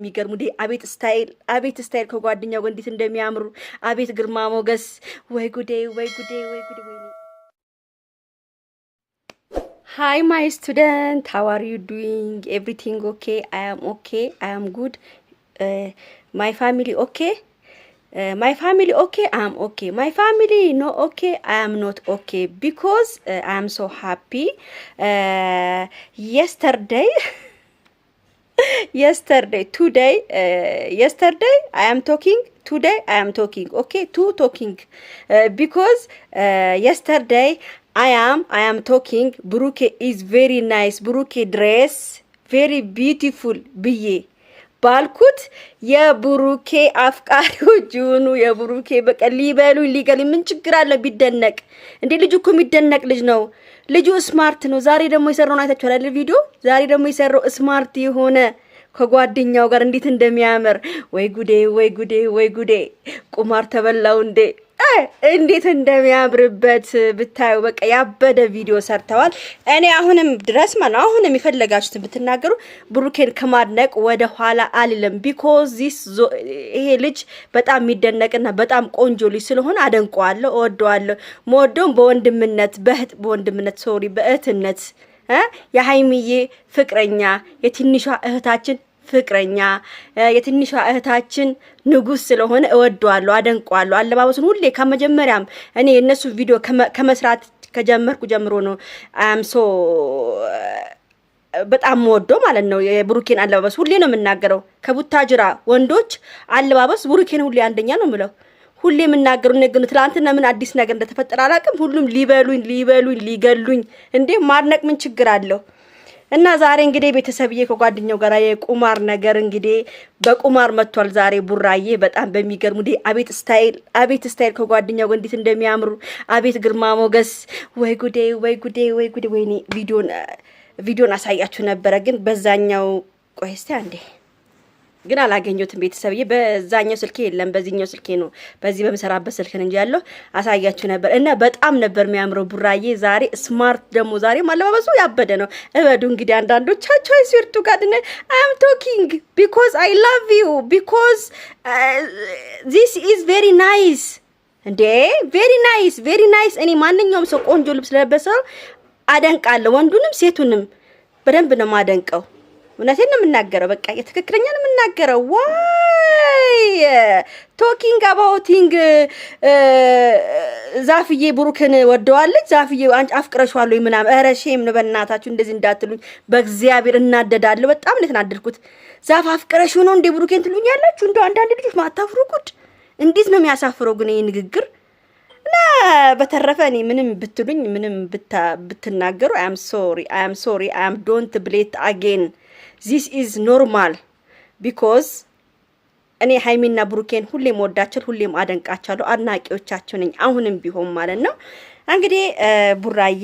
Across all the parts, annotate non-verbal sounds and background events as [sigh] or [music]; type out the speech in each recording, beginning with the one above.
የሚገርሙ እንዴ! አቤት ስታይል፣ አቤት ስታይል ከጓደኛው ጋር እንዴት እንደሚያምሩ አቤት ግርማ ሞገስ! ወይ ጉዴ፣ ወይ ጉዴ፣ ወይ ጉዴ! ወይ ሃይ ማይ ስቱደንት ሃው አር ዩ ዱዊንግ ኤቭሪቲንግ ኦኬ አይ አም ኦኬ አይ አም ጉድ ማይ ፋሚሊ ኦኬ ማይ ፋሚሊ ኦኬ አይ አም ኦኬ ማይ ፋሚሊ ኖ ኦኬ አይ አም ኖት ኦኬ ቢኮዝ አይ አም ሶ ሃፒ የስተርደይ [laughs] yesterday today uh, yesterday i am talking today i am talking okay two talking uh, because uh, yesterday i am i am talking ብሩኬ is very nice ብሩኬ dress very beautiful ብዬ ባልኩት የብሩኬ አፍቃሪዎች ይሁኑ የብሩኬ በቀል ሊበሉ ሊገል ምን ችግር አለው ቢደነቅ? እንዴ ልጁ እኮ የሚደነቅ ልጅ ነው። ልጁ ስማርት ነው። ዛሬ ደግሞ የሰራውን አይታችኋል ቪዲዮ። ዛሬ ደግሞ የሰራው ስማርት የሆነ ከጓደኛው ጋር እንዴት እንደሚያምር ወይ ጉዴ፣ ወይ ጉዴ፣ ወይ ጉዴ! ቁማር ተበላው እንዴ! እንዴት እንደሚያምርበት ብታዩ፣ በቃ ያበደ ቪዲዮ ሰርተዋል። እኔ አሁንም ድረስ ማለት አሁንም የፈለጋችሁትን ብትናገሩ ብሩኬን ከማድነቅ ወደ ኋላ አልልም። ቢኮዝ ይሄ ልጅ በጣም የሚደነቅና በጣም ቆንጆ ልጅ ስለሆነ አደንቀዋለሁ፣ እወደዋለሁ። መወደውም በወንድምነት በእህት በወንድምነት ሶሪ በእህትነት የሀይሚዬ ፍቅረኛ የትንሿ እህታችን ፍቅረኛ የትንሿ እህታችን ንጉስ ስለሆነ እወደዋለሁ፣ አደንቀዋለሁ። አለባበሱን ሁሌ ከመጀመሪያም እኔ የእነሱ ቪዲዮ ከመስራት ከጀመርኩ ጀምሮ ነው አምሶ በጣም ወዶ ማለት ነው። የብሩኬን አለባበስ ሁሌ ነው የምናገረው። ከቡታጅራ ወንዶች አለባበስ ብሩኬን ሁሌ አንደኛ ነው የምለው። ሁሌ የምናገሩ ነገር ትላንትና ምን አዲስ ነገር እንደተፈጠረ አላውቅም። ሁሉም ሊበሉኝ ሊበሉኝ ሊገሉኝ፣ እንዴ ማድነቅ ምን ችግር አለው? እና ዛሬ እንግዲህ ቤተሰብዬ ከጓደኛው ጋር የቁማር ነገር እንግዲህ በቁማር መጥቷል። ዛሬ ቡራዬ በጣም በሚገርሙ እንግዲህ አቤት ስታይል አቤት ስታይል ከጓደኛው እንዴት እንደሚያምሩ አቤት ግርማ ሞገስ። ወይ ጉዴ ወይ ጉዴ ወይ ጉዴ! ወይኔ ቪዲዮን ቪዲዮን አሳያችሁ ነበረ ግን በዛኛው ቆይ እስቲ አንዴ ግን አላገኘሁትም። ቤተሰብዬ በዛኛው ስልኬ የለም፣ በዚህኛው ስልኬ ነው፣ በዚህ በምሰራበት ስልክን እንጂ ያለው አሳያችሁ ነበር። እና በጣም ነበር የሚያምረው ቡራዬ ዛሬ። ስማርት ደግሞ ዛሬ ማለባበሱ ያበደ ነው። እበዱ እንግዲህ አንዳንዶቻቸው ስርቱ ጋር ነ አም ቶኪንግ ቢኮዝ አይ ላቭ ዩ ቢኮዝ ዚስ ኢዝ ቬሪ ናይስ እንዴ ቬሪ ናይስ ቬሪ ናይስ። እኔ ማንኛውም ሰው ቆንጆ ልብስ ለበሰው አደንቃለሁ፣ ወንዱንም ሴቱንም በደንብ ነው ማደንቀው። እውነቴን ነው የምናገረው። በቃ የትክክለኛ ነው የምናገረው። ዋይ ቶኪንግ አባውቲንግ ዛፍዬ ብሩክን ወደዋለች፣ ዛፍዬ አፍቅረሽዋል ወይ ምናምን። ኧረ ሼም ነው በእናታችሁ፣ እንደዚህ እንዳትሉኝ በእግዚአብሔር እናደዳለሁ። በጣም ነው የተናደድኩት። ዛፍ አፍቅረሽ ሆኖ እንዴ ብሩኬን ትሉኛላችሁ? እንደው አንዳንድ ልጆች ማታፍሩኩት እንዴት ነው የሚያሳፍረው ግን ይህ ንግግር እና በተረፈ እኔ ምንም ብትሉኝ ምንም ብትናገሩ፣ አም ሶሪ አም ሶሪ አም ዶንት ብሌት አጌን ዚስ ኢዝ ኖርማል ቢኮዝ እኔ ሀይሚና ብሩኬን ሁሌም ወዳቸው ሁሌም አደንቃቸዋለሁ። አድናቂዎቻቸው ነኝ አሁንም ቢሆን ማለት ነው። እንግዲህ ቡራዬ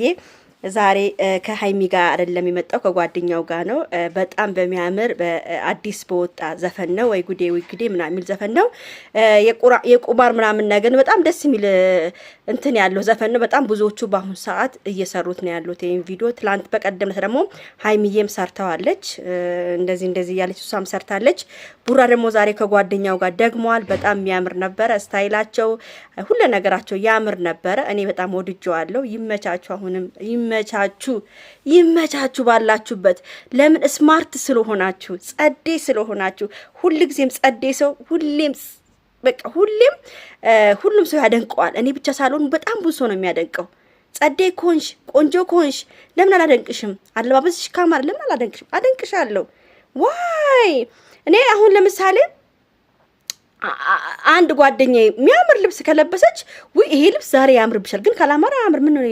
ዛሬ ከሀይሚ ጋር አይደለም የመጣው ከጓደኛው ጋር ነው። በጣም በሚያምር በአዲስ በወጣ ዘፈን ነው ወይ ጉዴ ወይ ጉዴ ምናምን የሚል ዘፈን ነው። የቁማር ምናምን ነገር በጣም ደስ የሚል እንትን ያለው ዘፈን ነው። በጣም ብዙዎቹ በአሁኑ ሰዓት እየሰሩት ነው ያሉት ይህን ቪዲዮ። ትላንት በቀደምነት ደግሞ ሀይሚዬም ሰርተዋለች፣ እንደዚህ እንደዚህ እያለች እሷም ሰርታለች። ቡራ ደግሞ ዛሬ ከጓደኛው ጋር ደግሟል። በጣም የሚያምር ነበረ ስታይላቸው፣ ሁለ ነገራቸው ያምር ነበረ። እኔ በጣም ወድጀዋለሁ። ይመቻቸው አሁንም ይመቻችሁ፣ ይመቻችሁ ባላችሁበት። ለምን ስማርት ስለሆናችሁ፣ ጸዴ ስለሆናችሁ፣ ሁልጊዜም ጸዴ ሰው ሁሌም በቃ ሁሌም ሁሉም ሰው ያደንቀዋል። እኔ ብቻ ሳልሆን በጣም ብዙ ሰው ነው የሚያደንቀው። ጸዴ ኮንሽ፣ ቆንጆ ኮንሽ፣ ለምን አላደንቅሽም? አለባበስሽ ካማር፣ ለምን አላደንቅሽም? አደንቅሻለሁ። ዋይ እኔ አሁን ለምሳሌ አንድ ጓደኛ የሚያምር ልብስ ከለበሰች ውይ ይሄ ልብስ ዛሬ ያምርብሻል፣ ግን ካላማራ ያምር ምን ነው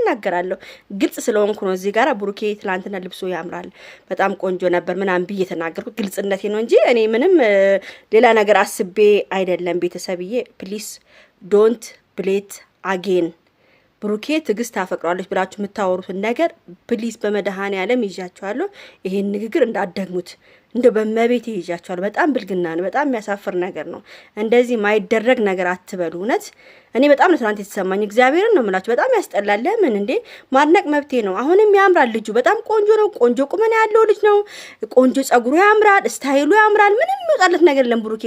ይናገራለሁ። ግልጽ ስለሆንኩ ነው። እዚህ ጋር ብሩኬ ትላንትና ልብሱ ያምራል፣ በጣም ቆንጆ ነበር ምናምን ብዬ የተናገርኩት ግልጽነቴ ነው እንጂ እኔ ምንም ሌላ ነገር አስቤ አይደለም። ቤተሰብዬ ፕሊስ ዶንት ብሌት አጌን ብሩኬ ትዕግስት ታፈቅሯለች ብላችሁ የምታወሩትን ነገር ፕሊስ በመድሃኔ ዓለም ይዣችኋለሁ። ይሄን ንግግር እንዳደግሙት እንደ በመቤት ይዣችኋለሁ። በጣም ብልግና ነው። በጣም የሚያሳፍር ነገር ነው። እንደዚህ ማይደረግ ነገር አትበሉ። እውነት እኔ በጣም ነው ትናንት የተሰማኝ። እግዚአብሔርን ነው የምላችሁ። በጣም ያስጠላል። ለምን እንዴ ማድነቅ መብቴ ነው። አሁንም ያምራል ልጁ በጣም ቆንጆ ነው። ቆንጆ ቁመና ያለው ልጅ ነው። ቆንጆ ጸጉሩ ያምራል፣ ስታይሉ ያምራል። ምንም የሚወጣለት ነገር የለም ብሩኬ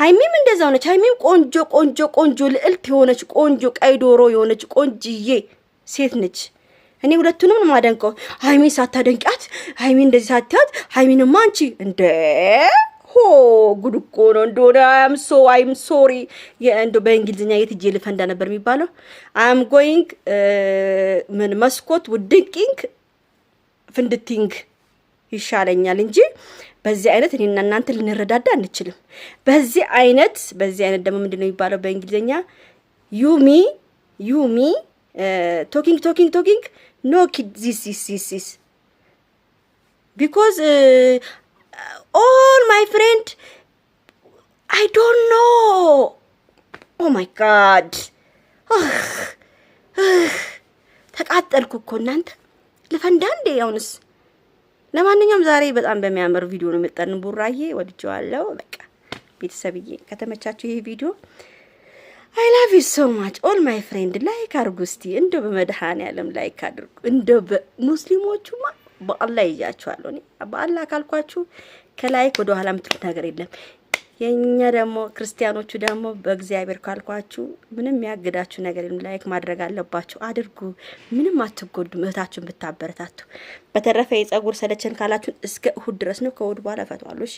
ሀይሚም እንደዛው ነች። ሀይሚም ቆንጆ ቆንጆ ቆንጆ ልዕልት የሆነች ቆንጆ ቀይ ዶሮ የሆነች ቆንጅዬ ሴት ነች። እኔ ሁለቱንም ነው ማደንቀው። ሀይሚ ሳታደንቂያት፣ ሀይሚ እንደዚህ ሳትያት፣ ሀይሚንማ አንቺ እንደ ሆ ጉድ እኮ ነው እንደሆነ አም ሶ አይም ሶሪ እንደ በእንግሊዝኛ የት እጄ ልፈንዳ ነበር የሚባለው? አም ጎይንግ ምን መስኮት ውድንቂንግ ፍንድቲንግ ይሻለኛል እንጂ በዚህ አይነት እኔና እናንተ ልንረዳዳ አንችልም። በዚህ አይነት በዚህ አይነት ደግሞ ምንድን ነው የሚባለው በእንግሊዝኛ ዩሚ ዩሚ ቶኪንግ ቶኪንግ ቶኪንግ ኖ ዚስ ቢኮዝ ኦል ማይ ፍሬንድ አይ ዶንት ኖ ኦ ማይ ጋድ ተቃጠልኩ እኮ እናንተ ልፈንዳ እንዴ አሁንስ ለማንኛውም ዛሬ በጣም በሚያምር ቪዲዮ ነው የመጣን። ቡራዬ ወድጀዋለሁ። በቃ ቤተሰብዬ ከተመቻችሁ ይህ ቪዲዮ አይ ላቭ ዩ ሶ ማች ኦል ማይ ፍሬንድ ላይክ አድርጉ እስቲ እንደ በመድኃኔዓለም ላይክ አድርጉ። እንደ ሙስሊሞቹማ በአላህ ይያችኋለሁ። እኔ በአላህ ካልኳችሁ ከላይክ ወደ ኋላ የምትሉት ነገር የለም። የእኛ ደግሞ ክርስቲያኖቹ ደግሞ በእግዚአብሔር ካልኳችሁ ምንም የሚያግዳችሁ ነገር ላይክ ማድረግ አለባችሁ። አድርጉ፣ ምንም አትጎዱም። እህታችሁን ብታበረታቱ። በተረፈ የጸጉር ሰለቸን ካላችሁን እስከ እሁድ ድረስ ነው። ከእሁድ በኋላ እፈቷለሁ። እሺ